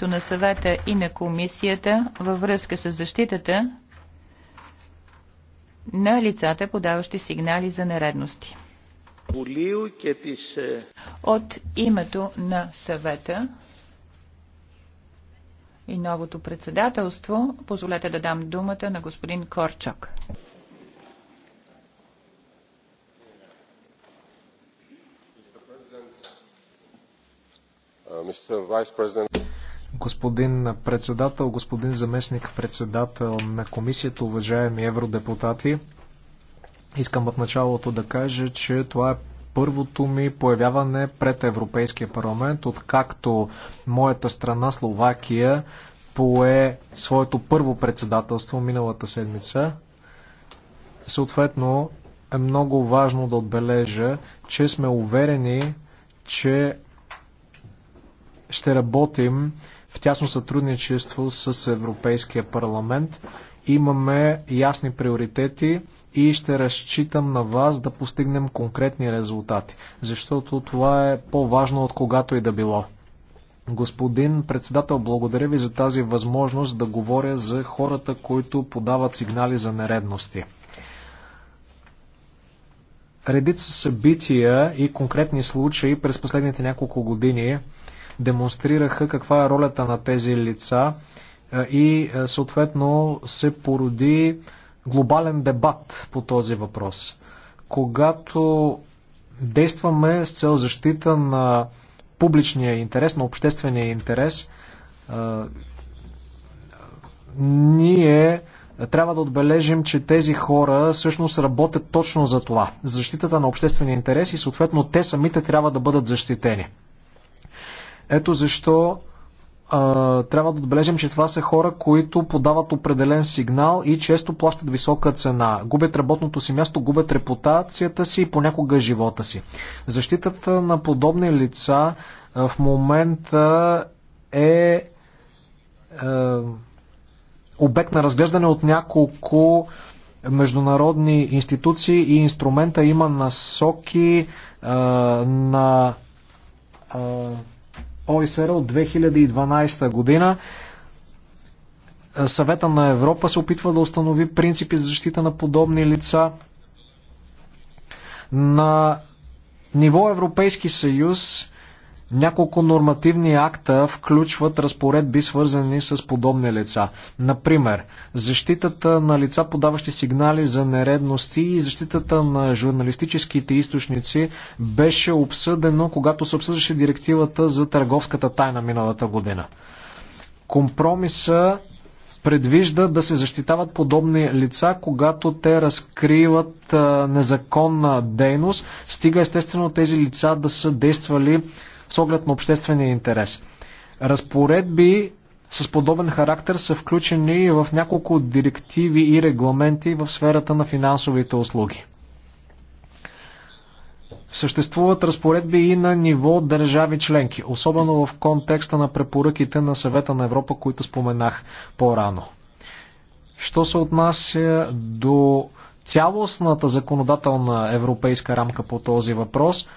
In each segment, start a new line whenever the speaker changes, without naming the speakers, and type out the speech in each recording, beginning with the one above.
становището на съвета и на комисията във връзка с защитата на лицата, подаващи сигнали за нередности. От името на съвета и новото председателство, позволете да дам думата на господин Корчок.
Mr. Vice
господин председател, господин заместник председател на комисията, уважаеми евродепутати. Искам в началото да кажа, че това е първото ми появяване пред Европейския парламент, откакто моята страна Словакия пое своето първо председателство миналата седмица. Съответно, е много важно да отбележа, че сме уверени, че ще работим в тясно сътрудничество с Европейския парламент. Имаме ясни приоритети и ще разчитам на вас да постигнем конкретни резултати, защото това е по-важно от когато и да било. Господин председател, благодаря ви за тази възможност да говоря за хората, които подават сигнали за нередности. Редица събития и конкретни случаи през последните няколко години демонстрираха каква е ролята на тези лица е, и е, съответно се породи глобален дебат по този въпрос. Когато действаме с цел защита на публичния интерес, на обществения интерес, е, ние трябва да отбележим, че тези хора всъщност работят точно за това. Защитата на обществения интерес и съответно те самите трябва да бъдат защитени. Ето защо а, трябва да отбележим, че това са хора, които подават определен сигнал и често плащат висока цена. Губят работното си място, губят репутацията си и понякога живота си. Защитата на подобни лица а, в момента е а, обект на разглеждане от няколко международни институции и инструмента има насоки а, на а, ОИСР от 2012 година. Съвета на Европа се опитва да установи принципи за защита на подобни лица. На ниво Европейски съюз няколко нормативни акта включват разпоредби, свързани с подобни лица. Например, защитата на лица, подаващи сигнали за нередности и защитата на журналистическите източници беше обсъдено, когато се обсъждаше директивата за търговската тайна миналата година. Компромиса предвижда да се защитават подобни лица, когато те разкриват незаконна дейност, стига естествено тези лица да са действали с оглед на обществения интерес. Разпоредби с подобен характер са включени в няколко директиви и регламенти в сферата на финансовите услуги. Съществуват разпоредби и на ниво държави членки, особено в контекста на препоръките на съвета на Европа, които споменах по-рано. Що се отнася до цялостната законодателна европейска рамка по този въпрос,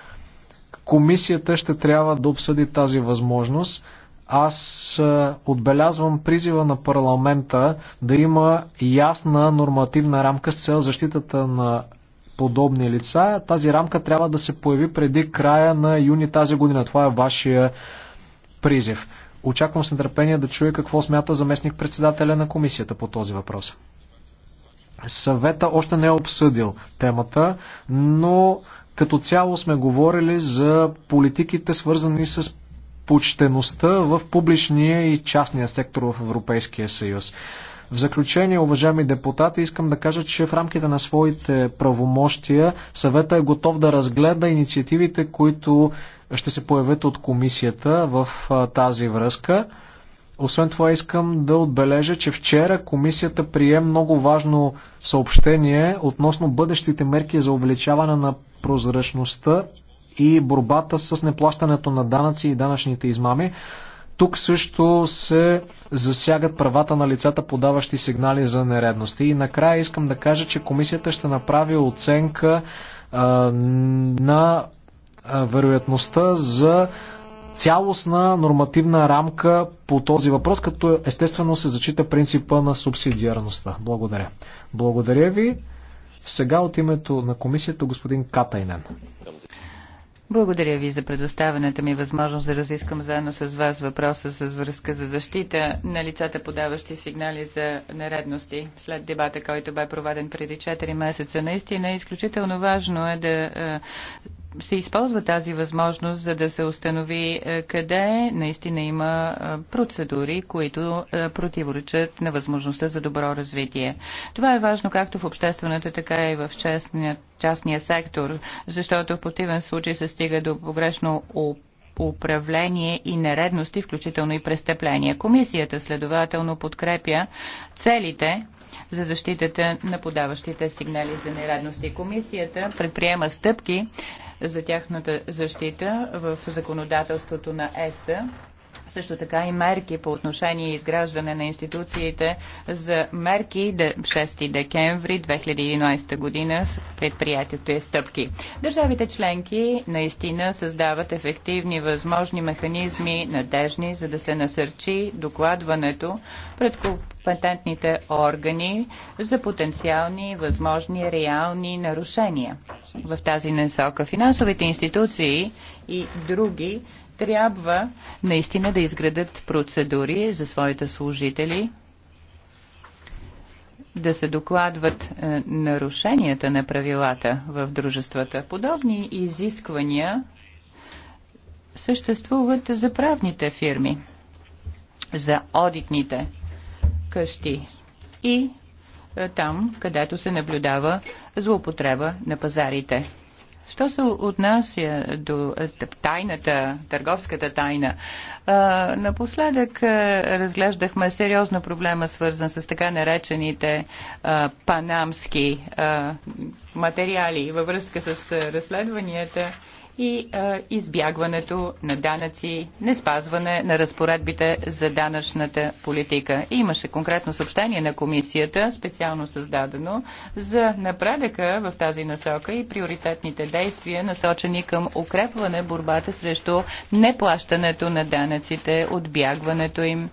Комисията ще трябва да обсъди тази възможност. Аз е, отбелязвам призива на парламента да има ясна нормативна рамка с цел защитата на подобни лица. Тази рамка трябва да се появи преди края на юни тази година. Това е вашия призив. Очаквам с нетърпение да чуя какво смята заместник председателя на комисията по този въпрос. Съвета още не е обсъдил темата, но като цяло сме говорили за политиките, свързани с почтеността в публичния и частния сектор в Европейския съюз. В заключение, уважаеми депутати, искам да кажа, че в рамките на своите правомощия съвета е готов да разгледа инициативите, които ще се появят от комисията в тази връзка. Освен това искам да отбележа, че вчера комисията прие много важно съобщение относно бъдещите мерки за увеличаване на прозрачността и борбата с неплащането на данъци и данъчните измами. Тук също се засягат правата на лицата, подаващи сигнали за нередности. И накрая искам да кажа, че комисията ще направи оценка а, на а, вероятността за цялостна нормативна рамка по този въпрос, като естествено се зачита принципа на субсидиарността. Благодаря. Благодаря ви. Сега от името на комисията господин Катайнен.
Благодаря ви за предоставената ми възможност да разискам заедно с вас въпроса с връзка за защита на лицата, подаващи сигнали за нередности след дебата, който бе проведен преди 4 месеца. Наистина, е изключително важно е да е, се използва тази възможност, за да се установи е, къде наистина има е, процедури, които е, противоречат на възможността за добро развитие. Това е важно както в обществената, така и в частния, частния сектор, защото в противен случай се стига до погрешно управление и нередности, включително и престъпления. Комисията следователно подкрепя целите за защитата на подаващите сигнали за нередности. Комисията предприема стъпки за тяхната защита в законодателството на ЕС също така и мерки по отношение изграждане на институциите за мерки 6 декември 2011 година в предприятието е стъпки. Държавите членки наистина създават ефективни възможни механизми, надежни, за да се насърчи докладването пред компетентните органи за потенциални, възможни, реални нарушения. В тази насока финансовите институции и други трябва наистина да изградат процедури за своите служители, да се докладват е, нарушенията на правилата в дружествата. Подобни изисквания съществуват за правните фирми, за одитните къщи и е, там, където се наблюдава злоупотреба на пазарите. Що се отнася до тайната, търговската тайна, напоследък разглеждахме сериозно проблема, свързан с така наречените панамски материали във връзка с разследванията и а, избягването на данъци, не спазване на разпоредбите за данъчната политика. И имаше конкретно съобщение на комисията, специално създадено, за напредъка в тази насока и приоритетните действия, насочени към укрепване борбата срещу неплащането на данъците, отбягването им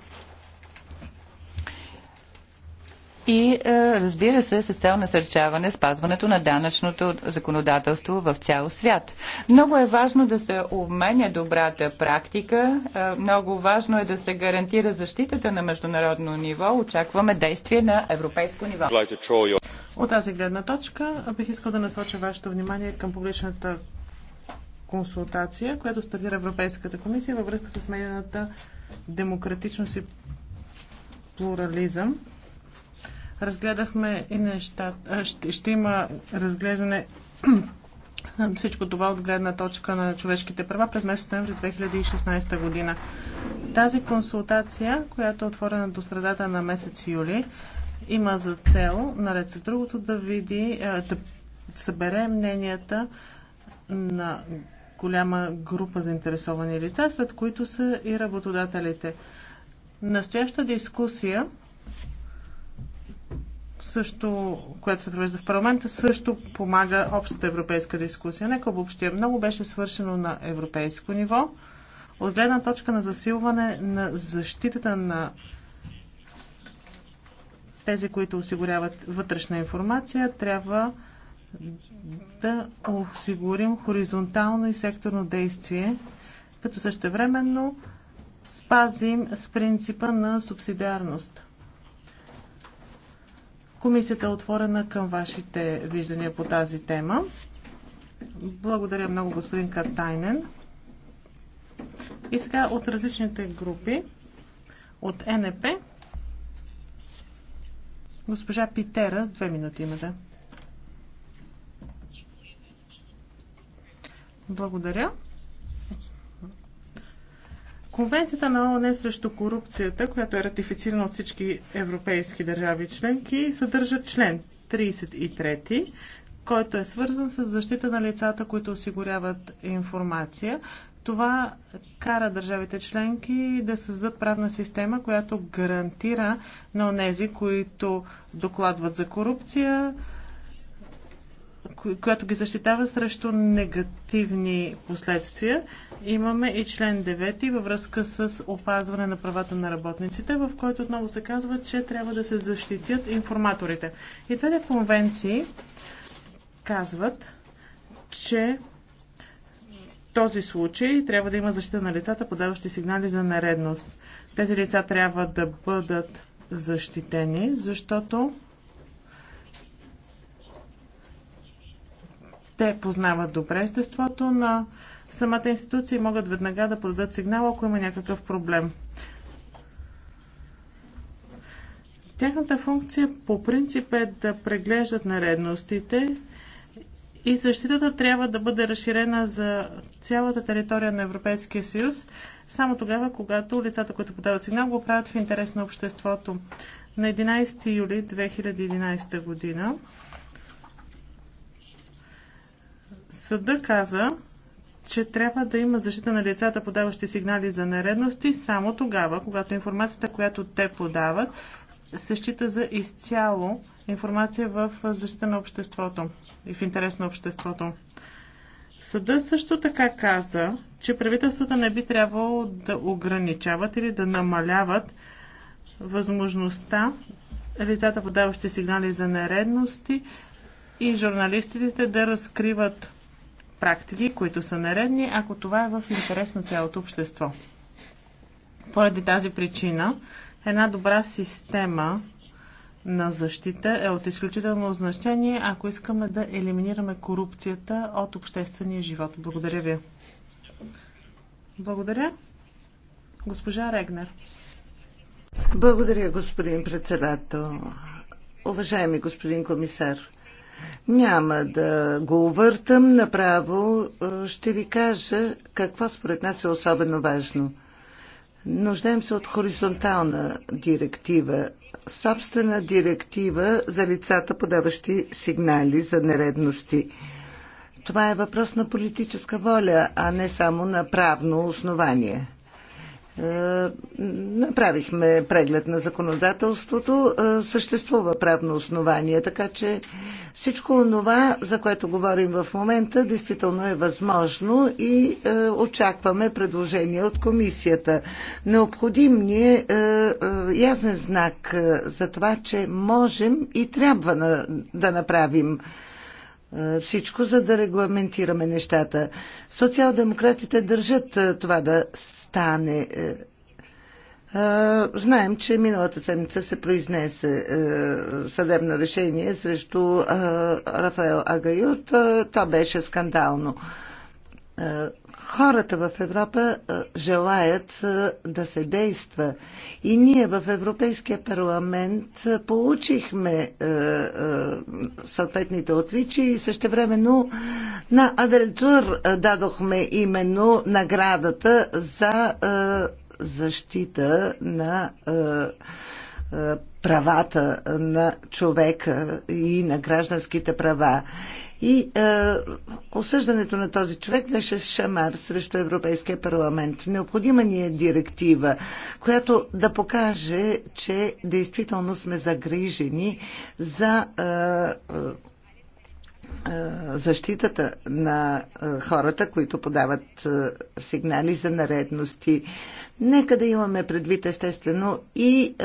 и е, разбира се с цел насърчаване спазването на данъчното законодателство в цял свят. Много е важно да се обменя добрата практика, е, много важно е да се гарантира защитата на международно ниво. Очакваме действие на европейско ниво.
От тази гледна точка бих искал да насоча вашето внимание към публичната консултация, която стартира Европейската комисия във връзка с медийната демократичност и плурализъм. Разгледахме и нещата. Ще, ще има разглеждане всичко това от гледна точка на човешките права през месец ноември 2016 година. Тази консултация, която е отворена до средата на месец юли, има за цел, наред с другото, да види, да събере мненията на голяма група заинтересовани лица, след които са и работодателите. Настояща дискусия също, което се провежда в парламента, също помага общата европейска дискусия. Нека въобще Много беше свършено на европейско ниво. От гледна точка на засилване на защитата на тези, които осигуряват вътрешна информация, трябва да осигурим хоризонтално и секторно действие, като същевременно спазим с принципа на субсидиарност. Комисията е отворена към вашите виждания по тази тема. Благодаря много, господин Катайнен. И сега от различните групи, от НП, госпожа Питера, две минути имате. Да. Благодаря. Конвенцията на ООН срещу корупцията, която е ратифицирана от всички европейски държави членки, съдържа член 33, който е свързан с защита на лицата, които осигуряват информация. Това кара държавите членки да създадат правна система, която гарантира на онези, които докладват за корупция, която ги защитава срещу негативни последствия. Имаме и член 9 във връзка с опазване на правата на работниците, в който отново се казва, че трябва да се защитят информаторите. И двете конвенции казват, че този случай трябва да има защита на лицата, подаващи сигнали за наредност. Тези лица трябва да бъдат защитени, защото Те познават добре естеството на самата институция и могат веднага да подадат сигнал, ако има някакъв проблем. Тяхната функция по принцип е да преглеждат наредностите и защитата трябва да бъде разширена за цялата територия на Европейския съюз, само тогава, когато лицата, които подават сигнал, го правят в интерес на обществото. На 11 юли 2011 година Съда каза, че трябва да има защита на лицата, подаващи сигнали за нередности, само тогава, когато информацията, която те подават, се счита за изцяло информация в защита на обществото и в интерес на обществото. Съда също така каза, че правителствата не би трябвало да ограничават или да намаляват възможността лицата, подаващи сигнали за нередности и журналистите да разкриват практики, които са наредни, ако това е в интерес на цялото общество. Поради тази причина, една добра система на защита е от изключително значение, ако искаме да елиминираме корупцията от обществения живот. Благодаря ви. Благодаря. Госпожа Регнер.
Благодаря, господин председател. Уважаеми господин комисар, няма да го увъртам, направо е, ще ви кажа какво според нас е особено важно. Нуждаем се от хоризонтална директива, собствена директива за лицата, подаващи сигнали за нередности. Това е въпрос на политическа воля, а не само на правно основание. Е, направихме преглед на законодателството. Е, съществува правно основание, така че всичко това, за което говорим в момента, действително е възможно и е, очакваме предложение от комисията. Необходим ни е ясен знак за това, че можем и трябва да направим е, всичко, за да регламентираме нещата. Социал-демократите държат е, това да стане. Е, знаем, че миналата седмица се произнесе съдебно решение срещу Рафаел Агайот. Това беше скандално. Е, хората в Европа е, желаят е, да се действа. И ние в Европейския парламент получихме съответните отличия и същевременно на Адрелтур дадохме именно наградата за защита на правата на човека и на гражданските права. И е, осъждането на този човек беше шамар срещу Европейския парламент. Необходима ни е директива, която да покаже, че действително сме загрижени за е, е, е защитата на е, хората, които подават е, сигнали за наредности. Нека да имаме предвид естествено и е,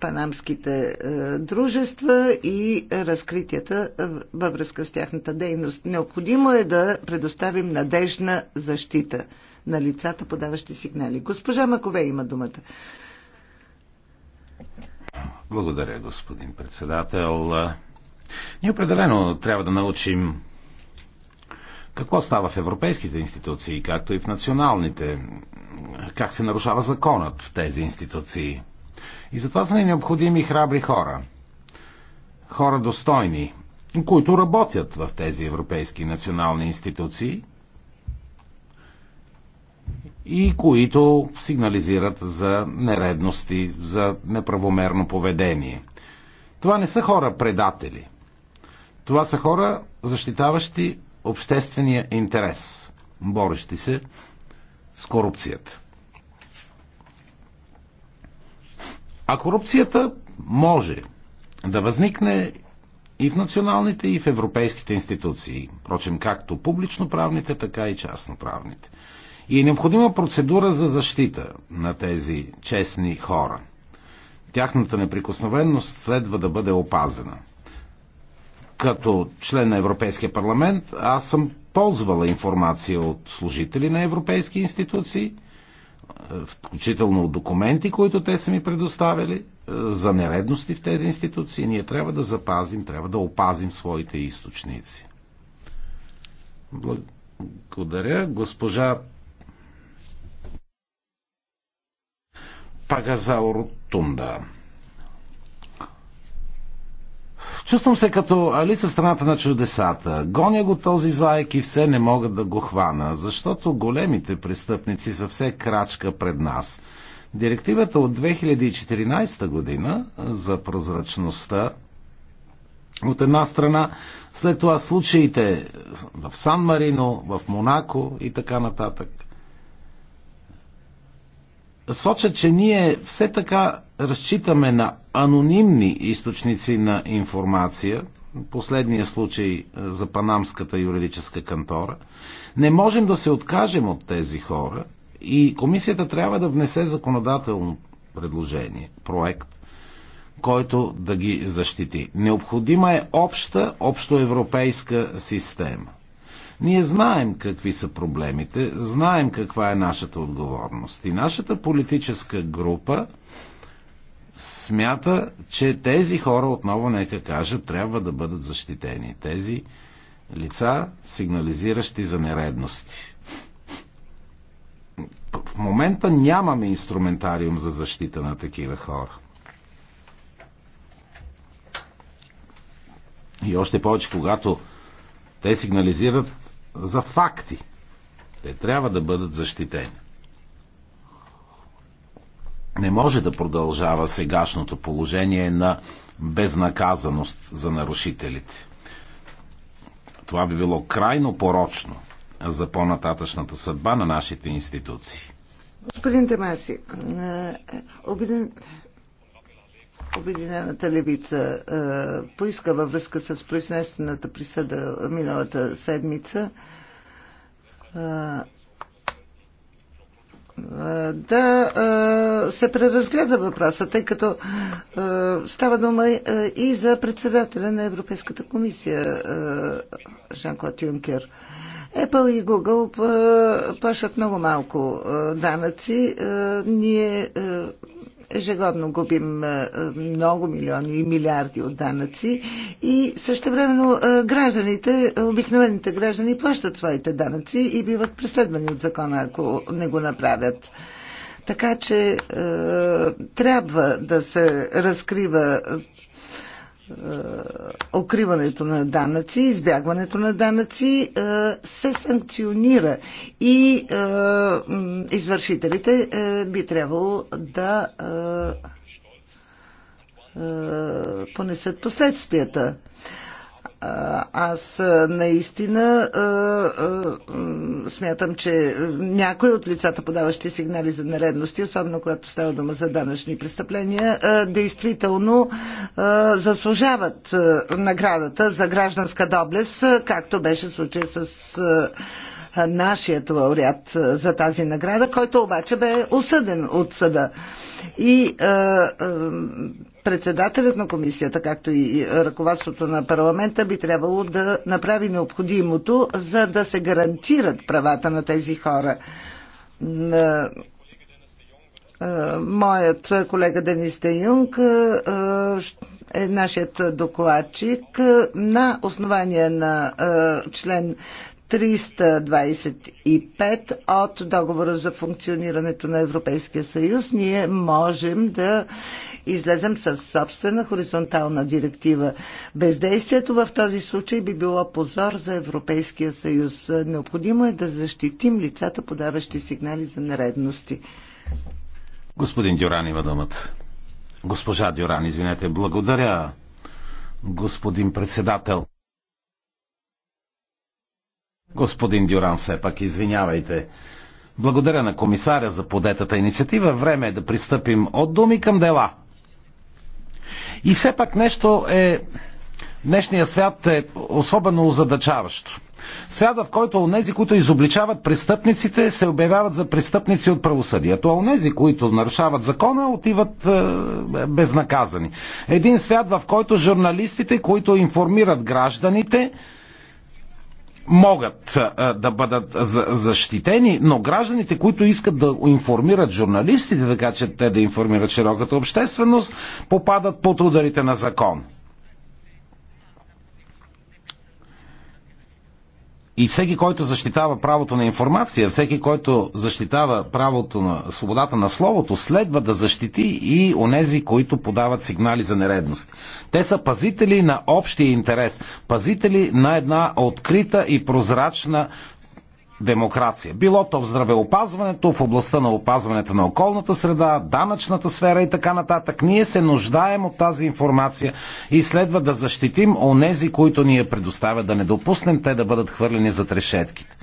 панамските е, дружества и разкритията във връзка с тяхната дейност. Необходимо е да предоставим надежна защита на лицата, подаващи сигнали. Госпожа Макове има думата.
Благодаря, господин председател. Ние определено трябва да научим какво става в европейските институции, както и в националните? Как се нарушава законът в тези институции? И затова са ни необходими храбри хора. Хора достойни, които работят в тези европейски национални институции и които сигнализират за нередности, за неправомерно поведение. Това не са хора предатели. Това са хора, защитаващи обществения интерес, борещи се с корупцията. А корупцията може да възникне и в националните, и в европейските институции. Впрочем, както публично-правните, така и частно-правните. И е необходима процедура за защита на тези честни хора. Тяхната неприкосновенност следва да бъде опазена – като член на Европейския парламент, аз съм ползвала информация от служители на европейски институции, включително от документи, които те са ми предоставили е, за нередности в тези институции. Ние трябва да запазим, трябва да опазим своите източници. Благодаря. Госпожа Тунда. Чувствам се като Алиса в страната на чудесата. Гоня го този заек и все не мога да го хвана, защото големите престъпници са все крачка пред нас. Директивата от 2014 година за прозрачността от една страна, след това случаите в Сан Марино, в Монако и така нататък сочат, че ние все така разчитаме на анонимни източници на информация, последния случай е, за панамската юридическа кантора, не можем да се откажем от тези хора и комисията трябва да внесе законодателно предложение, проект, който да ги защити. Необходима е обща, общоевропейска система – ние знаем какви са проблемите, знаем каква е нашата отговорност. И нашата политическа група смята, че тези хора, отново нека кажа, трябва да бъдат защитени. Тези лица, сигнализиращи за нередности. В момента нямаме инструментариум за защита на такива хора. И още повече, когато те сигнализират за факти. Те трябва да бъдат защитени. Не може да продължава сегашното положение на безнаказаност за нарушителите. Това би било крайно порочно за по-нататъчната съдба на нашите институции.
Господин Темаси, е, обиден... Обединената левица а, е, поиска във връзка с произнесената присъда миналата седмица а, е, е, да се преразгледа въпроса, тъй като става дума и за председателя на Европейската комисия Жан-Клод Юнкер. Apple и Google плащат много малко данъци. Ние ежегодно губим много милиони и милиарди от данъци и също времено гражданите, обикновените граждани плащат своите данъци и биват преследвани от закона, ако не го направят. Така че е, трябва да се разкрива е, укриването на данъци, избягването на данъци е, се санкционира и е, извършителите би трябвало да понесат последствията. Аз наистина смятам, че някои от лицата, подаващи сигнали за наредности, особено когато става дума за данъчни престъпления, действително заслужават наградата за гражданска доблест, както беше случай с нашият лауреат за тази награда, който обаче бе осъден от съда. И председателят на комисията, както и ръководството на парламента, би трябвало да направи необходимото, за да се гарантират правата на тези хора. Моят колега Денис Тенюнг Юнг е нашият докладчик на основание на член 325 от договора за функционирането на Европейския съюз, ние можем да излезем с собствена хоризонтална директива. Бездействието в този случай би било позор за Европейския съюз. Необходимо е да защитим лицата, подаващи сигнали за нередности.
Господин Дюран има думат. Госпожа Дюран, извинете, благодаря, господин председател. Господин Дюран, все пак, извинявайте. Благодаря на комисаря за подетата инициатива. Време е да пристъпим от думи към дела. И все пак нещо е. Днешният свят е особено озадачаващо. Свят, в който онези, които изобличават престъпниците, се обявяват за престъпници от правосъдието, а онези, които нарушават закона, отиват е, безнаказани. Един свят, в който журналистите, които информират гражданите, могат да бъдат защитени, но гражданите, които искат да информират журналистите, така че те да информират широката общественост, попадат под ударите на закон. И всеки, който защитава правото на информация, всеки, който защитава правото на свободата на словото, следва да защити и онези, които подават сигнали за нередности. Те са пазители на общия интерес, пазители на една открита и прозрачна демокрация. Било то в здравеопазването, в областта на опазването на околната среда, данъчната сфера и така нататък. Ние се нуждаем от тази информация и следва да защитим онези, които ни я предоставят, да не допуснем те да бъдат хвърлени за трешетките.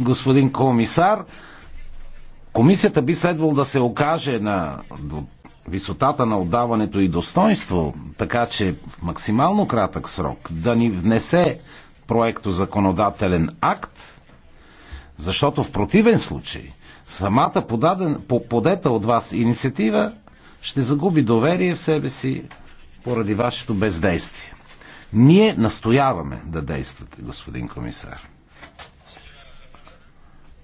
Господин комисар, комисията би следвало да се окаже на висотата на отдаването и достоинство, така че в максимално кратък срок да ни внесе проекто законодателен акт, защото в противен случай самата подаден, подета от вас инициатива ще загуби доверие в себе си поради вашето бездействие. Ние настояваме да действате, господин комисар.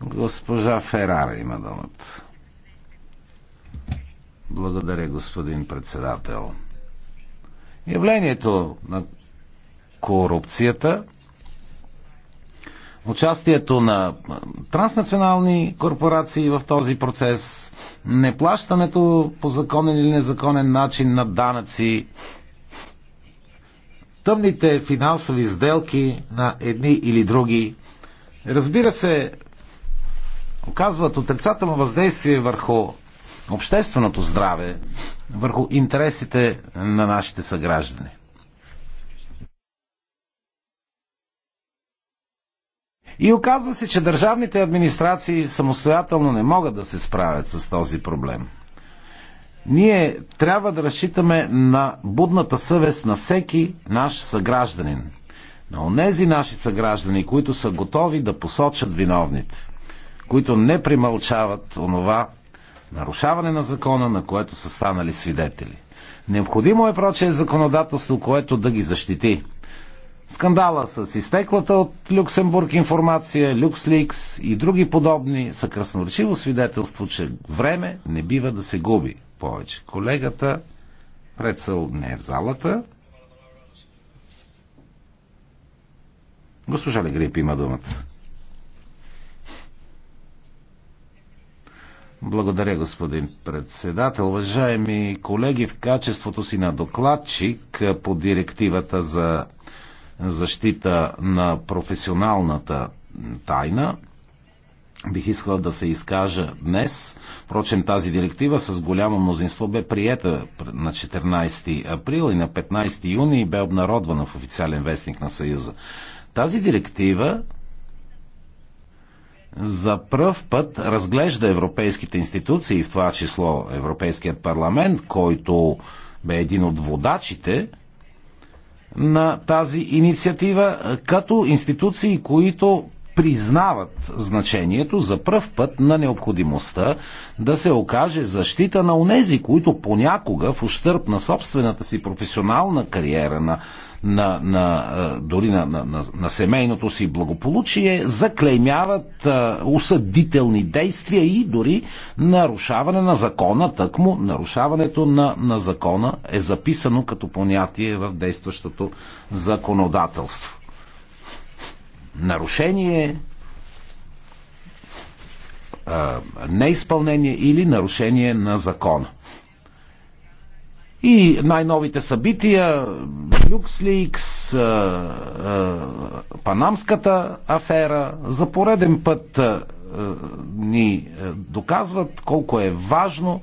Госпожа Ферара има думата. Благодаря, господин председател. Явлението на корупцията участието на транснационални корпорации в този процес, неплащането по законен или незаконен начин на данъци, тъмните финансови сделки на едни или други, разбира се, оказват отрицателно въздействие върху общественото здраве, върху интересите на нашите съграждани. И оказва се, че държавните администрации самостоятелно не могат да се справят с този проблем. Ние трябва да разчитаме на будната съвест на всеки наш съгражданин. На онези наши съграждани, които са готови да посочат виновните, които не примълчават онова нарушаване на закона, на което са станали свидетели. Необходимо е прочее законодателство, което да ги защити – Скандала с изтеклата от Люксембург информация, Люксликс и други подобни са красноречиво свидетелство, че време не бива да се губи повече. Колегата Прецъл не е в залата. Госпожа Легрип има думата. Благодаря, господин председател. Уважаеми колеги, в качеството си на докладчик по директивата за защита на професионалната тайна, бих искала да се изкажа днес. Впрочем, тази директива с голямо мнозинство бе приета на 14 април и на 15 юни и бе обнародвана в официален вестник на Съюза. Тази директива за пръв път разглежда европейските институции, в това число Европейският парламент, който бе един от водачите на тази инициатива като институции, които признават значението за пръв път на необходимостта да се окаже защита на онези, които понякога в ущърп на собствената си професионална кариера, на на, на, дори на, на, на, на семейното си благополучие, заклеймяват а, осъдителни действия и дори нарушаване на закона, тъкмо нарушаването на, на закона е записано като понятие в действащото законодателство. Нарушение неизпълнение или нарушение на закона. И най-новите събития, LuxLeaks, Панамската афера, за пореден път ни доказват колко е важно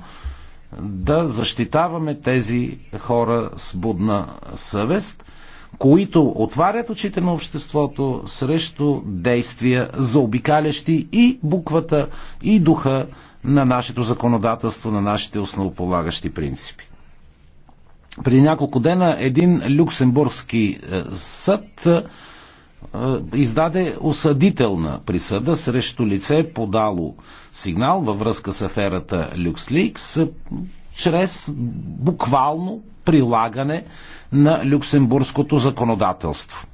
да защитаваме тези хора с будна съвест, които отварят очите на обществото срещу действия за обикалящи и буквата, и духа на нашето законодателство, на нашите основополагащи принципи. Преди няколко дена един люксембургски е, съд е, е, издаде осъдителна присъда срещу лице подало сигнал във връзка с аферата Люксликс, чрез буквално прилагане на люксембургското законодателство.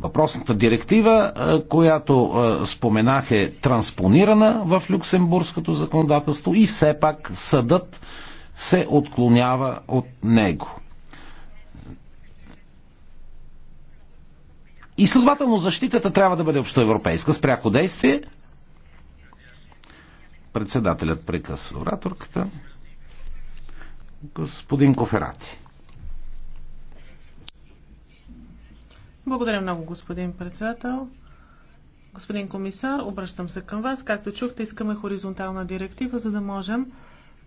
Въпросната директива, която споменах е транспонирана в люксембургското законодателство и все пак съдът се отклонява от него. И следователно защитата трябва да бъде общоевропейска с пряко действие. Председателят прекъсва ораторката. Господин Коферати.
Благодаря много, господин председател. Господин комисар, обръщам се към вас. Както чухте, искаме хоризонтална директива, за да можем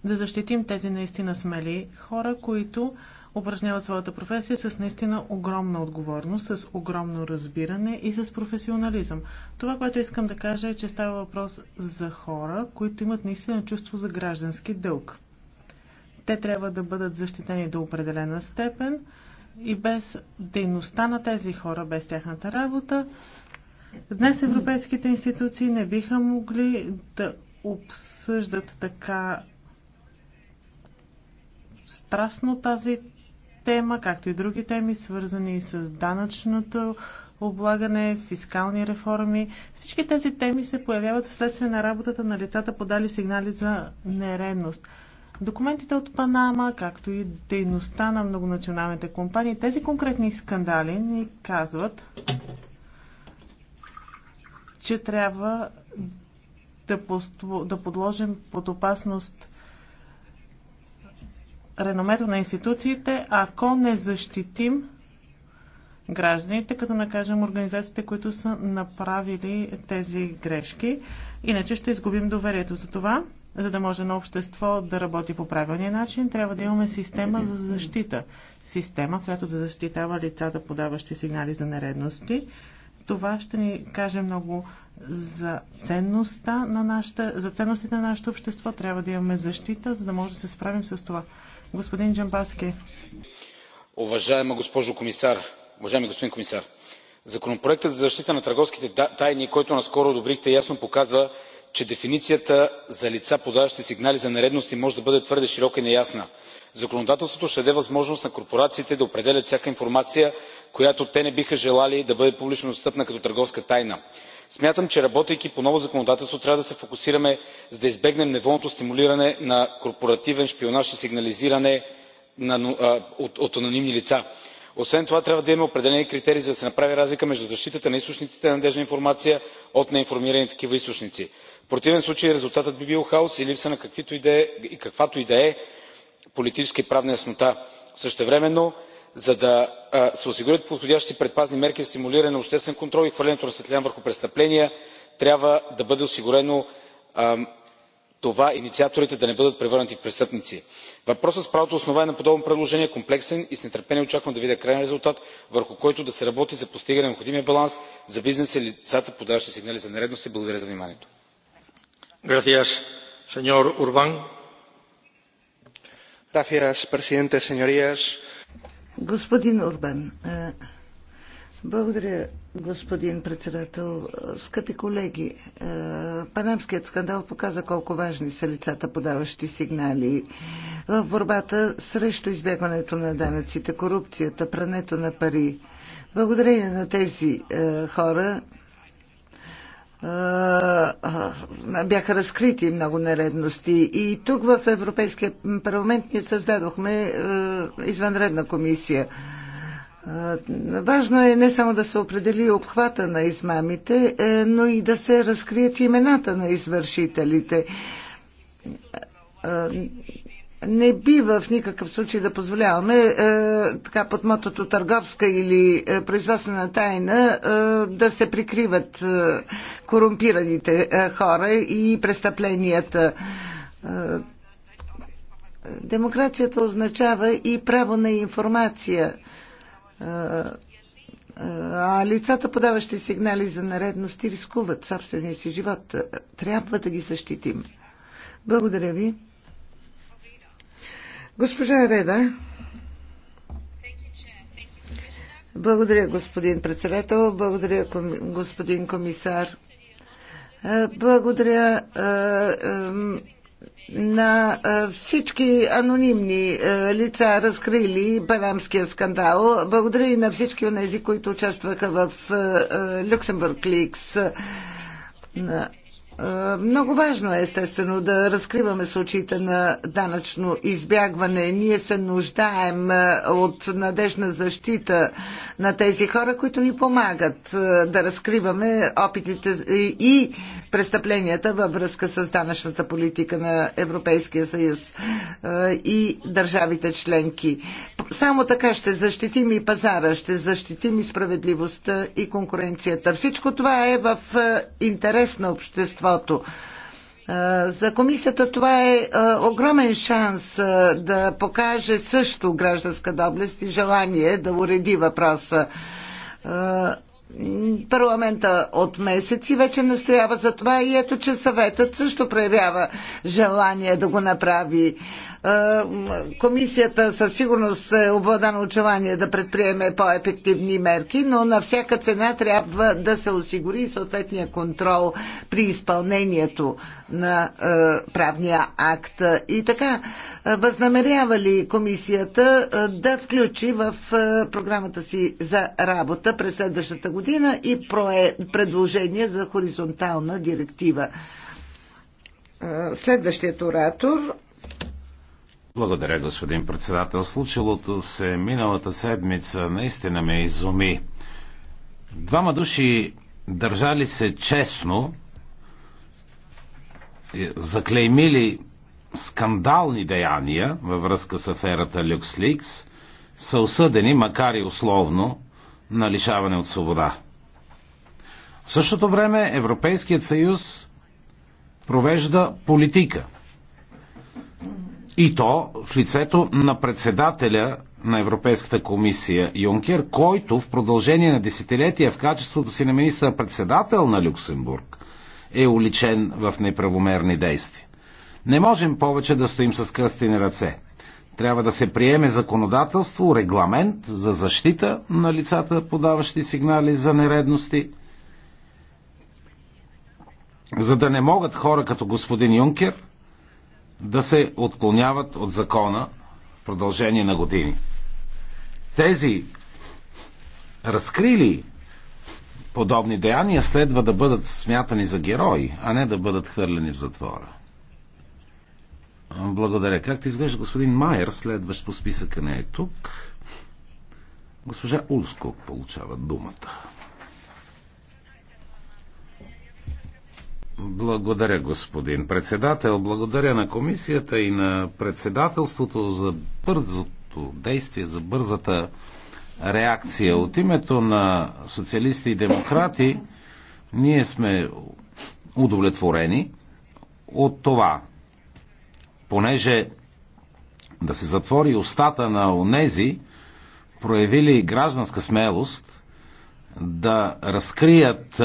да защитим тези наистина смели хора, които упражняват своята професия с наистина огромна отговорност, с огромно разбиране и с професионализъм. Това, което искам да кажа е, че става въпрос за хора, които имат наистина чувство за граждански дълг. Те трябва да бъдат защитени до определена степен и без дейността на тези хора, без тяхната работа, днес европейските институции не биха могли да обсъждат така страстно тази тема, както и други теми, свързани с данъчното облагане, фискални реформи. Всички тези теми се появяват вследствие на работата на лицата, подали сигнали за нередност. Документите от Панама, както и дейността на многонационалните компании, тези конкретни скандали ни казват, че трябва да, да подложим под опасност реномето на институциите, ако не защитим гражданите, като накажем организациите, които са направили тези грешки. Иначе ще изгубим доверието за това. За да може на общество да работи по правилния начин, трябва да имаме система за защита. Система, която да защитава лицата, подаващи сигнали за нередности. Това ще ни каже много за, ценността на нашата, за ценностите на нашето общество. Трябва да имаме защита, за да може да се справим с това. Господин Джамбаски.
Уважаема госпожо комисар, уважаеми господин комисар, Законопроектът за защита на търговските тайни, който наскоро одобрихте, ясно показва, че дефиницията за лица подаващи сигнали за нередности може да бъде твърде широка и неясна. законодателството ще даде възможност на корпорациите да определят всяка информация която те не биха желали да бъде публично достъпна като търговска тайна. смятам че работейки по ново законодателство трябва да се фокусираме за да избегнем неволното стимулиране на корпоративен шпионаж и сигнализиране от анонимни лица освен това трябва да има определени критерии за да се направи разлика между защитата на източниците на надеждна информация от неинформирани такива източници. в противен случай резултатът би бил хаос и липса на каквато и да е политическа и правна яснота. същевременно за да се осигурят подходящи предпазни мерки за стимулиране на обществен контрол и хвърлянето на светлина върху престъпления трябва да бъде осигурено това инициаторите да не бъдат превърнати в престъпници. въпросът с правното основание на подобно предложение е комплексен и с нетърпение очаквам да видя краен резултат върху който да се работи за постигане на необходимия баланс за бизнеса и лицата подаващи сигнали за нередности. благодаря за вниманието.
Господин Урбан, е, благодаря господин председател. Скъпи колеги, е, панамският скандал показа колко важни са лицата, подаващи сигнали в борбата срещу избягването на данъците, корупцията, прането на пари. Благодарение на тези е, хора е, бяха разкрити много нередности. И тук в Европейския парламент ние създадохме извънредна комисия Важно е не само да се определи обхвата на измамите, е, но и да се разкрият имената на извършителите. Не бива в никакъв случай да позволяваме е, така под мотото търговска или е, производствена тайна да се прикриват корумпираните хора и престъпленията. демокрацията означава и право на информация а лицата, подаващи сигнали за наредности, рискуват собствения си живот. Трябва да ги защитим. Благодаря ви. Госпожа Реда. Благодаря, господин председател. Благодаря, господин комисар. Благодаря на всички анонимни лица, разкрили панамския скандал. Благодаря и на всички от тези, които участваха в Люксембург Ликс. Много важно е, естествено, да разкриваме случаите на данъчно избягване. Ние се нуждаем от надежна защита на тези хора, които ни помагат да разкриваме опитите и престъпленията във връзка с данъчната политика на Европейския съюз и държавите членки. Само така ще защитим и пазара, ще защитим и справедливостта и конкуренцията. Всичко това е в интерес на обществото. За комисията това е огромен шанс да покаже също гражданска доблест и желание да уреди въпроса парламента от месеци вече настоява за това и ето, че съветът също проявява желание да го направи. Комисията със сигурност е обладана от желание да предприеме по-ефективни мерки, но на всяка цена трябва да се осигури съответния контрол при изпълнението на правния акт. И така, възнамерява ли комисията да включи в програмата си за работа през следващата година и предложение за хоризонтална директива? Следващият оратор
благодаря, господин председател. Случилото се миналата седмица наистина ме изуми. Двама души държали се честно, заклеймили скандални деяния във връзка с аферата LuxLeaks, са осъдени, макар и условно, на лишаване от свобода. В същото време Европейският съюз провежда политика – и то в лицето на председателя на Европейската комисия Юнкер, който в продължение на десетилетия в качеството си на министър-председател на Люксембург е уличен в неправомерни действия. Не можем повече да стоим с кръстени ръце. Трябва да се приеме законодателство, регламент за защита на лицата, подаващи сигнали за нередности, за да не могат хора като господин Юнкер – да се отклоняват от закона в продължение на години. Тези разкрили подобни деяния следва да бъдат смятани за герои, а не да бъдат хвърлени в затвора. Благодаря. Както изглежда господин Майер, следващ по списъка не е тук. Госпожа Улско получава думата. Благодаря, господин председател. Благодаря на комисията и на председателството за бързото действие, за бързата реакция. От името на социалисти и демократи ние сме удовлетворени от това, понеже да се затвори устата на онези, проявили гражданска смелост да разкрият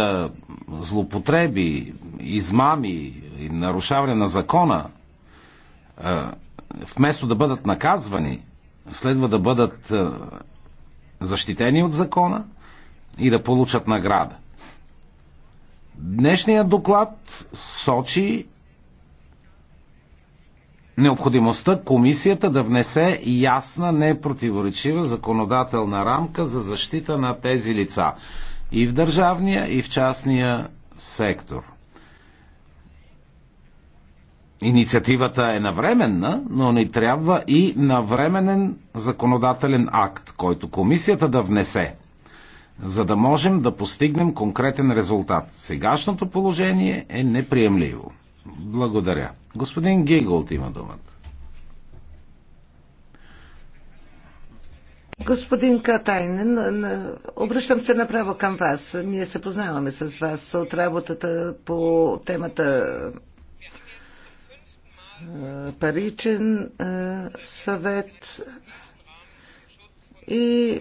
злопотреби, измами и нарушаване на закона, вместо да бъдат наказвани, следва да бъдат защитени от закона и да получат награда. Днешният доклад сочи, необходимостта комисията да внесе ясна, непротиворечива законодателна рамка за защита на тези лица и в държавния, и в частния сектор. Инициативата е навременна, но ни трябва и навременен законодателен акт, който комисията да внесе, за да можем да постигнем конкретен резултат. Сегашното положение е неприемливо. Благодаря. Господин Гиголт има думата.
Господин Катайнен, обръщам се направо към вас. Ние се познаваме с вас от работата по темата паричен съвет и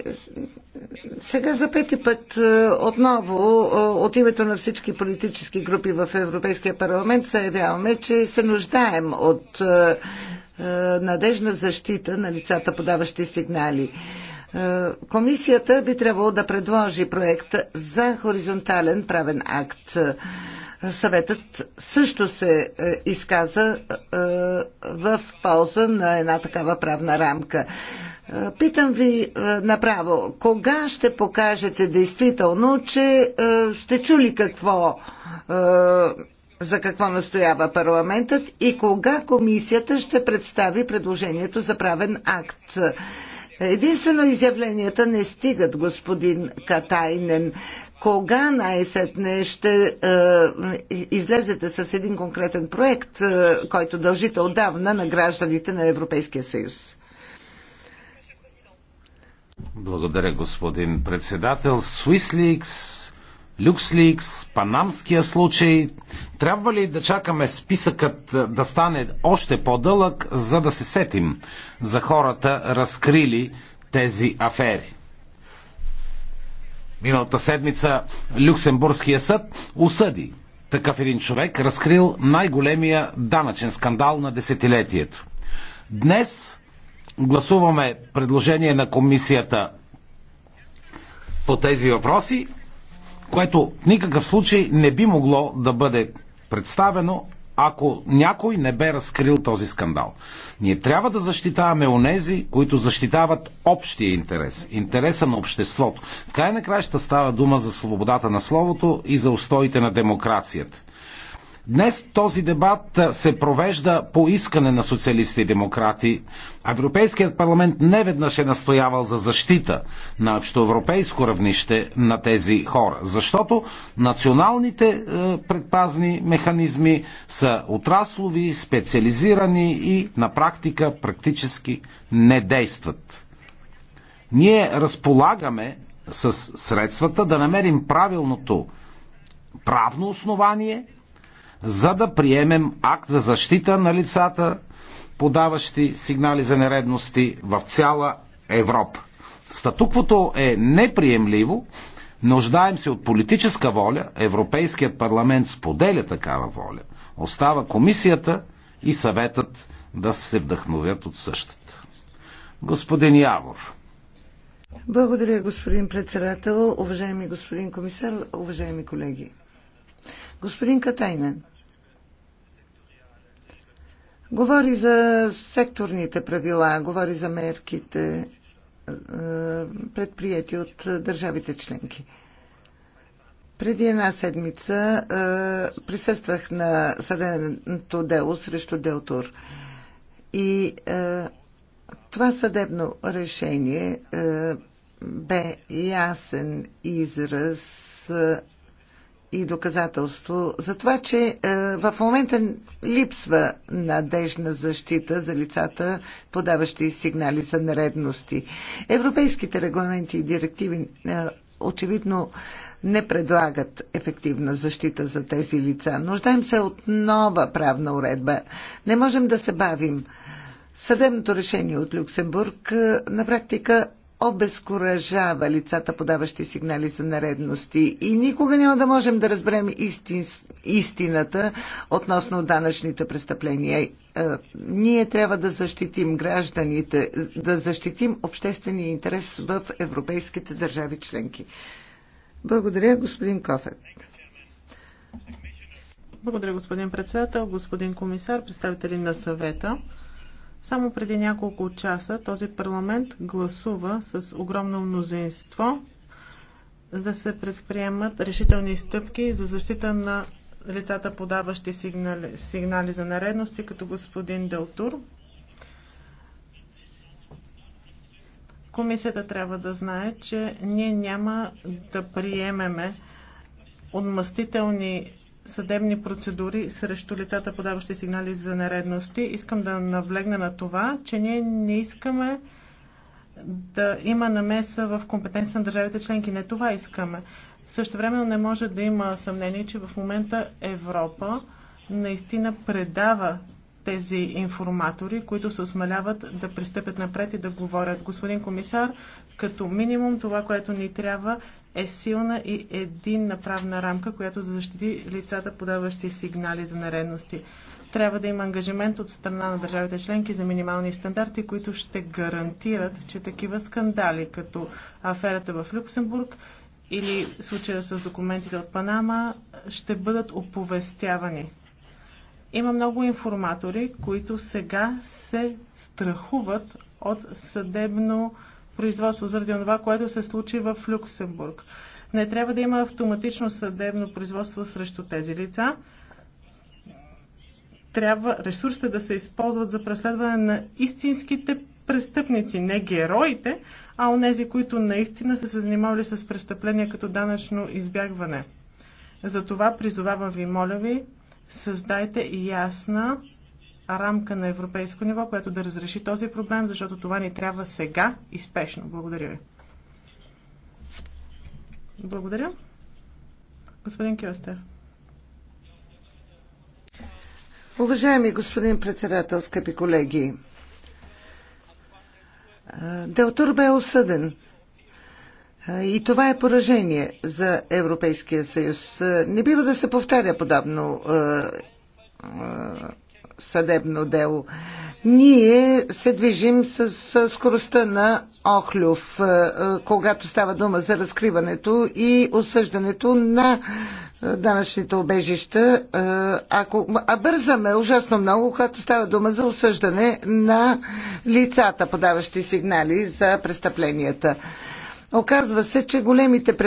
сега за пети път е, отново е, от името на всички политически групи в Европейския парламент заявяваме, че се нуждаем от е, надежна защита на лицата, подаващи сигнали. Комисията би трябвало да предложи проект за хоризонтален правен акт. Съветът също се изказа в полза на една такава правна рамка. Е, питам ви е, направо, кога ще покажете действително, че е, сте чули какво, за какво настоява парламентът и кога комисията ще представи предложението за правен акт? Единствено изявленията не стигат, господин Катайнен. Кога най-сетне ще е, излезете с един конкретен проект, който дължите отдавна на гражданите на Европейския съюз?
Благодаря, господин председател. Суисликс, Люксликс, панамския случай. Трябва ли да чакаме списъкът е, да стане още по-дълъг, за да се сетим за хората, разкрили тези афери? Миналата седмица Люксембургския съд осъди такъв един човек, разкрил най-големия данъчен скандал на десетилетието. Днес гласуваме предложение на комисията по тези въпроси, което в никакъв случай не би могло да бъде представено, ако някой не бе разкрил този скандал. Ние трябва да защитаваме онези, които защитават общия интерес, интереса на обществото. В край на краща става дума за свободата на словото и за устоите на демокрацията. Днес този дебат се провежда по искане на социалисти и демократи. Европейският парламент не веднъж е настоявал за защита на общоевропейско равнище на тези хора, защото националните предпазни механизми са отраслови, специализирани и на практика практически не действат. Ние разполагаме с средствата да намерим правилното правно основание за да приемем акт за защита на лицата, подаващи сигнали за нередности в цяла Европа. Статуквото е неприемливо. Нуждаем се от политическа воля. Европейският парламент споделя такава воля. Остава комисията и съветът да се вдъхновят от същата. Господин Явор.
Благодаря, господин председател, уважаеми господин комисар, уважаеми колеги. Господин Катайнен. Говори за секторните правила, говори за мерките, е, предприяти от държавите членки. Преди една седмица е, присъствах на съдебното дело срещу Делтур. И е, това съдебно решение бе ясен израз и доказателство за това, че е, в момента липсва надежна защита за лицата, подаващи сигнали за нередности. Европейските регламенти и директиви е, очевидно не предлагат ефективна защита за тези лица. Нуждаем се от нова правна уредба. Не можем да се бавим. Съдебното решение от Люксембург е, на практика обезкуражава лицата, подаващи сигнали за наредности. И никога няма да можем да разберем истин, истината относно данъчните престъпления. Е, ние трябва да защитим гражданите, да защитим обществения интерес в европейските държави членки. Благодаря, господин Кофет. Благодаря,
господин председател, господин комисар, представители на съвета. Само преди няколко часа този парламент гласува с огромно мнозинство да се предприемат решителни стъпки за защита на лицата, подаващи сигнали, сигнали за наредности, като господин Делтур. Комисията трябва да знае, че ние няма да приемеме отмъстителни съдебни процедури срещу лицата, подаващи сигнали за нередности. Искам да навлегна на това, че ние не искаме да има намеса в компетенция на държавите членки. Не това искаме. Също време не може да има съмнение, че в момента Европа наистина предава тези информатори, които се осмеляват да пристъпят напред и да говорят. Господин комисар, като минимум това, което ни трябва е силна и единна правна рамка, която да защити лицата, подаващи сигнали за наредности. Трябва да има ангажимент от страна на държавите членки за минимални стандарти, които ще гарантират, че такива скандали, като аферата в Люксембург или случая с документите от Панама, ще бъдат оповестявани. Има много информатори, които сега се страхуват от съдебно производство заради това, което се случи в Люксембург. Не трябва да има автоматично съдебно производство срещу тези лица. Трябва ресурсите да се използват за преследване на истинските престъпници, не героите, а онези, които наистина са се занимавали с престъпления като данъчно избягване. Затова призовавам ви, моля ви, Създайте ясна рамка на европейско ниво, която да разреши този проблем, защото това ни трябва сега и спешно. Благодаря ви.
Благодаря. Господин Кюстер. Уважаеми господин председател, скъпи колеги, Делтур бе осъден и това е поражение за Европейския съюз. Не бива да се повтаря подобно съдебно дело. Ние се движим с, скоростта на Охлюв, когато става дума за разкриването и осъждането на данъчните обежища. Ако, а бързаме ужасно много, когато става дума за осъждане на лицата, подаващи сигнали за престъпленията. Оказва се, че големите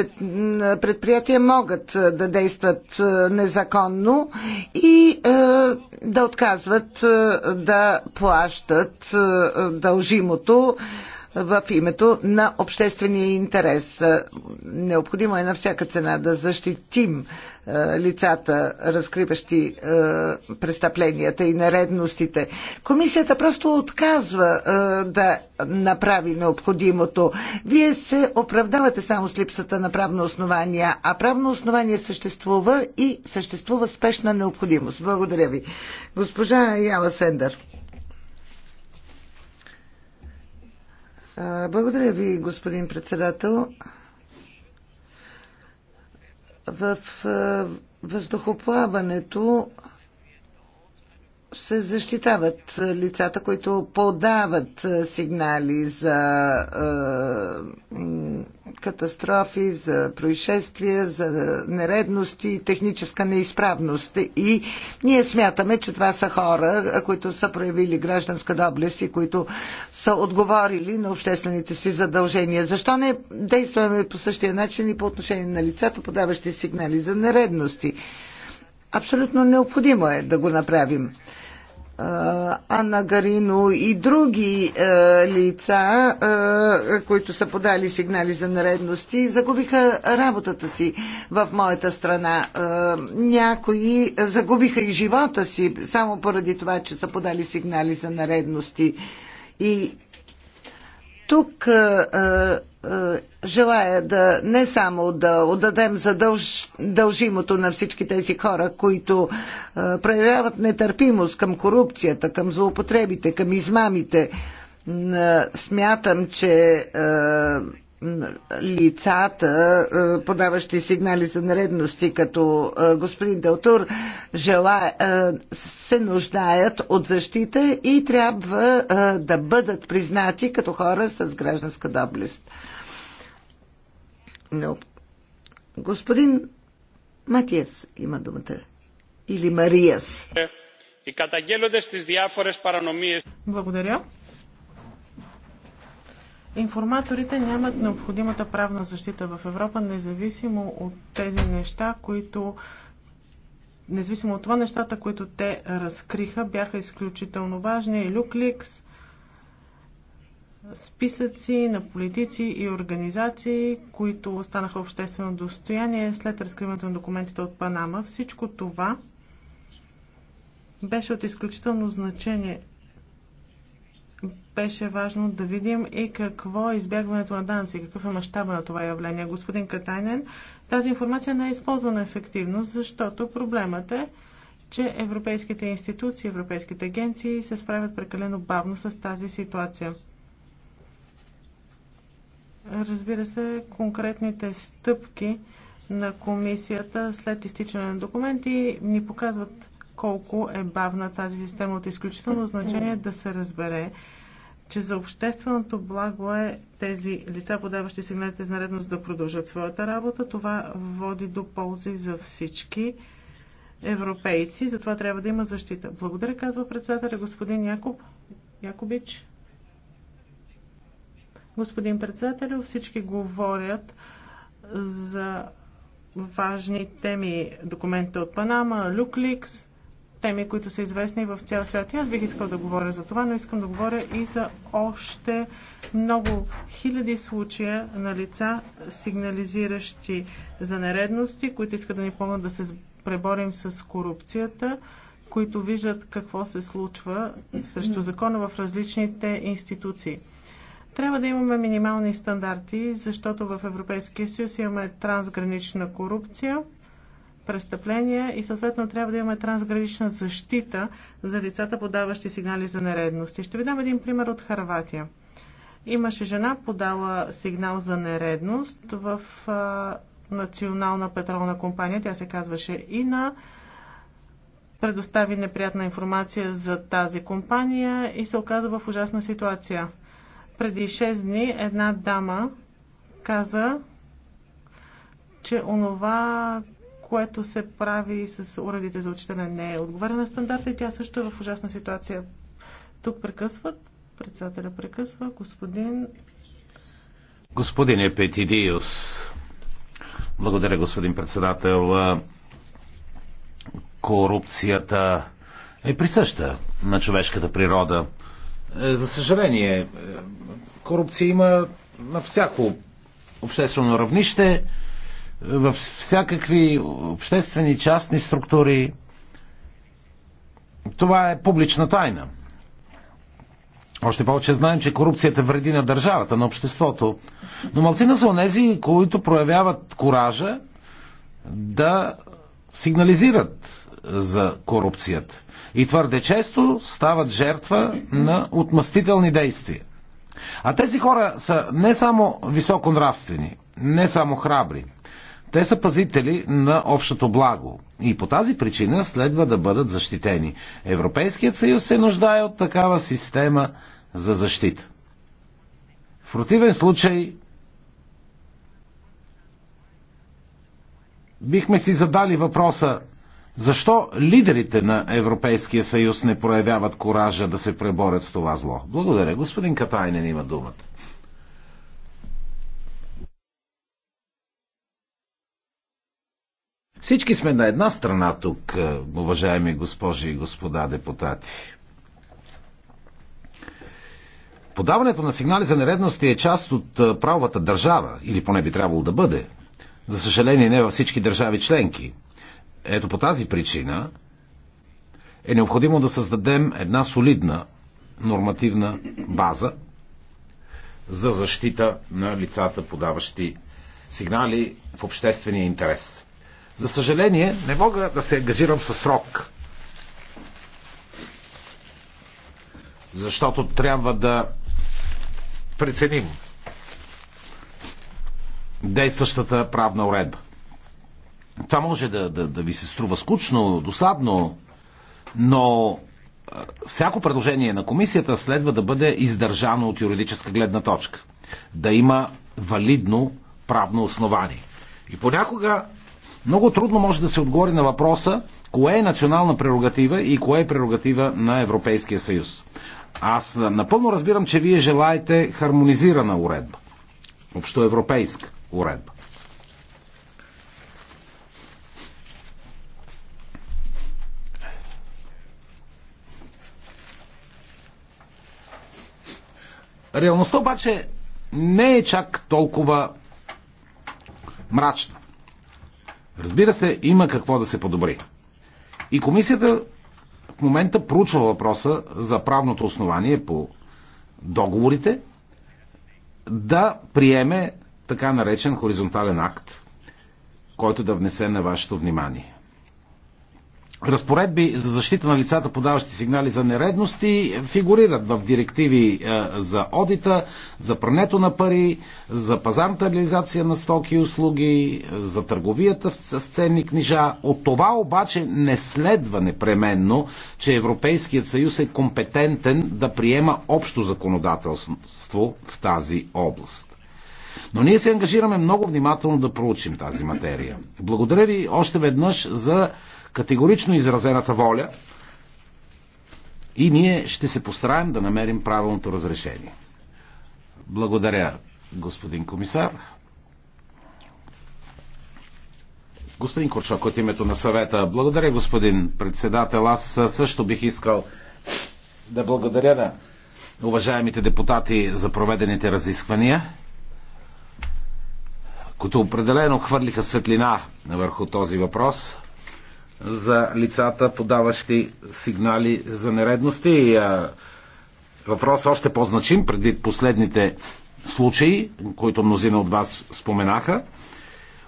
предприятия могат е, да действат е, незаконно и е, да отказват да плащат дължимото в името на обществения интерес. Необходимо е на всяка цена да защитим е, лицата, разкриващи е, престъпленията и нередностите. Комисията просто отказва е, да направи необходимото. Вие се оправдавате само с липсата на правно основание, а правно основание съществува и съществува спешна необходимост. Благодаря ви. Госпожа Яла Сендър. Благодаря ви, господин председател. В въздухоплаването се защитават лицата, които подават е, сигнали за е, катастрофи, за происшествия, за нередности, техническа неизправност. И ние смятаме, че това са хора, е, които са проявили гражданска доблест и които са отговорили на обществените си задължения. Защо не действаме по същия начин и по отношение на лицата, подаващи сигнали за нередности? Абсолютно необходимо е да го направим. Анна Гарино и други е, лица, е, които са подали сигнали за наредности, загубиха работата си в моята страна. Е, някои загубиха и живота си само поради това, че са подали сигнали за наредности. И тук а, а, желая да не само да отдадем задълж, дължимото на всички тези хора, които а, проявяват нетърпимост към корупцията, към злоупотребите, към измамите. А, смятам, че а, лицата, е, подаващи сигнали за наредности, като е, господин Делтур, жела, е, се нуждаят от защита и трябва да бъдат признати като хора с гражданска доблест. Но господин Матиас има думата. Или Мариас. Благодаря.
Информаторите нямат необходимата правна защита в Европа, независимо от тези неща, които независимо от това, нещата, които те разкриха, бяха изключително важни. Люкликс, списъци на политици и организации, които станаха обществено достояние след разкриването на документите от Панама. Всичко това беше от изключително значение беше важно да видим и какво е избягването на данъци, какъв е мащаба на това явление. Господин Катайнен, тази информация не е използвана ефективно, защото проблемът е, че европейските институции, европейските агенции се справят прекалено бавно с тази ситуация. Разбира се, конкретните стъпки на комисията след изтичане на документи ни показват колко е бавна тази система от изключително значение да се разбере че за общественото благо е тези лица, подаващи сигналите за наредност, да продължат своята работа. Това води до ползи за всички европейци, затова трябва да има защита. Благодаря, казва председателя господин Якоб. Якобич. Господин председател, всички говорят за важни теми. Документа от Панама, Люкликс, теми, които са известни в цял свят. И аз бих искал да говоря за това, но искам да говоря и за още много хиляди случая на лица, сигнализиращи за нередности, които искат да ни помогнат да се преборим с корупцията, които виждат какво се случва срещу закона в различните институции. Трябва да имаме минимални стандарти, защото в Европейския съюз имаме трансгранична корупция – престъпления и съответно трябва да имаме трансгранична защита за лицата, подаващи сигнали за нередности. Ще ви дам един пример от Харватия. Имаше жена, подала сигнал за нередност в а, Национална петролна компания, тя се казваше Ина, предостави неприятна информация за тази компания и се оказа в ужасна ситуация. Преди 6 дни една дама каза, че онова, което се прави с уредите за отчитане не е отговаря на стандарта и тя също е в ужасна ситуация. Тук прекъсват, председателя прекъсва, господин...
Господин Епетидиус, благодаря господин председател. Корупцията е присъща на човешката природа. Е, за съжаление, е, корупция има на всяко обществено равнище във всякакви обществени частни структури. Това е публична тайна. Още повече знаем, че корупцията вреди на държавата, на обществото. Но малцина са онези, които проявяват коража да сигнализират за корупцията. И твърде често стават жертва на отмъстителни действия. А тези хора са не само високонравствени, не само храбри – те са пазители на общото благо и по тази причина следва да бъдат защитени. Европейският съюз се нуждае от такава система за защита. В противен случай бихме си задали въпроса защо лидерите на Европейския съюз не проявяват коража да се преборят с това зло? Благодаря. Господин Катайнен има думата. Всички сме на една страна тук, е, уважаеми госпожи и господа депутати. Подаването на сигнали за нередности е част от е, правовата държава, или поне би трябвало да бъде. За съжаление, не във всички държави членки. Ето по тази причина е необходимо да създадем една солидна нормативна база за защита на лицата, подаващи сигнали в обществения интерес. За съжаление, не мога да се ангажирам със срок. Защото трябва да преценим действащата правна уредба. Това може да, да, да ви се струва скучно, досадно, но всяко предложение на комисията следва да бъде издържано от юридическа гледна точка. Да има валидно правно основание. И понякога много трудно може да се отговори на въпроса кое е национална прерогатива и кое е прерогатива на Европейския съюз. Аз напълно разбирам, че вие желаете хармонизирана уредба. Общоевропейска уредба. Реалността обаче не е чак толкова мрачна. Разбира се, има какво да се подобри. И комисията в момента проучва въпроса за правното основание по договорите да приеме така наречен хоризонтален акт, който да внесе на вашето внимание. Разпоредби за защита на лицата, подаващи сигнали за нередности, фигурират в директиви е, за одита, за прането на пари, за пазарната реализация на стоки и услуги, за търговията с ценни книжа. От това обаче не следва непременно, че Европейският съюз е компетентен да приема общо законодателство в тази област. Но ние се ангажираме много внимателно да проучим тази материя. Благодаря ви още веднъж за категорично изразената воля и ние ще се постараем да намерим правилното разрешение. Благодаря, господин комисар. Господин Корчок, от името на съвета, благодаря, господин председател. Аз също бих искал да благодаря на уважаемите депутати за проведените разисквания, които определено хвърлиха светлина върху този въпрос за лицата, подаващи сигнали за нередности. И, а, въпрос още по-значим, предвид последните случаи, които мнозина от вас споменаха.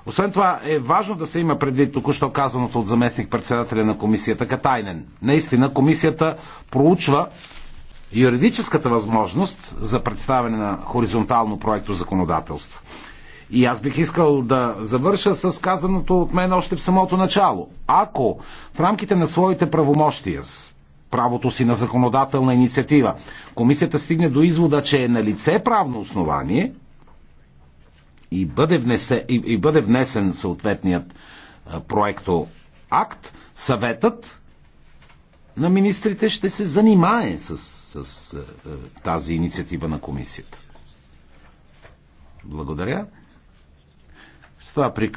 Освен това е важно да се има предвид току-що казаното от заместник председателя на комисията Катайнен. Наистина комисията проучва юридическата възможност за представяне на хоризонтално проекто законодателство. И аз бих искал да завърша с казаното от мен още в самото начало. Ако в рамките на своите правомощия, с правото си на законодателна инициатива, комисията стигне до извода, че е на лице правно основание и бъде, внесе, и, и бъде внесен съответният проекто акт, съветът на министрите ще се занимае с, с, с тази инициатива на комисията. Благодаря. С това приключваме.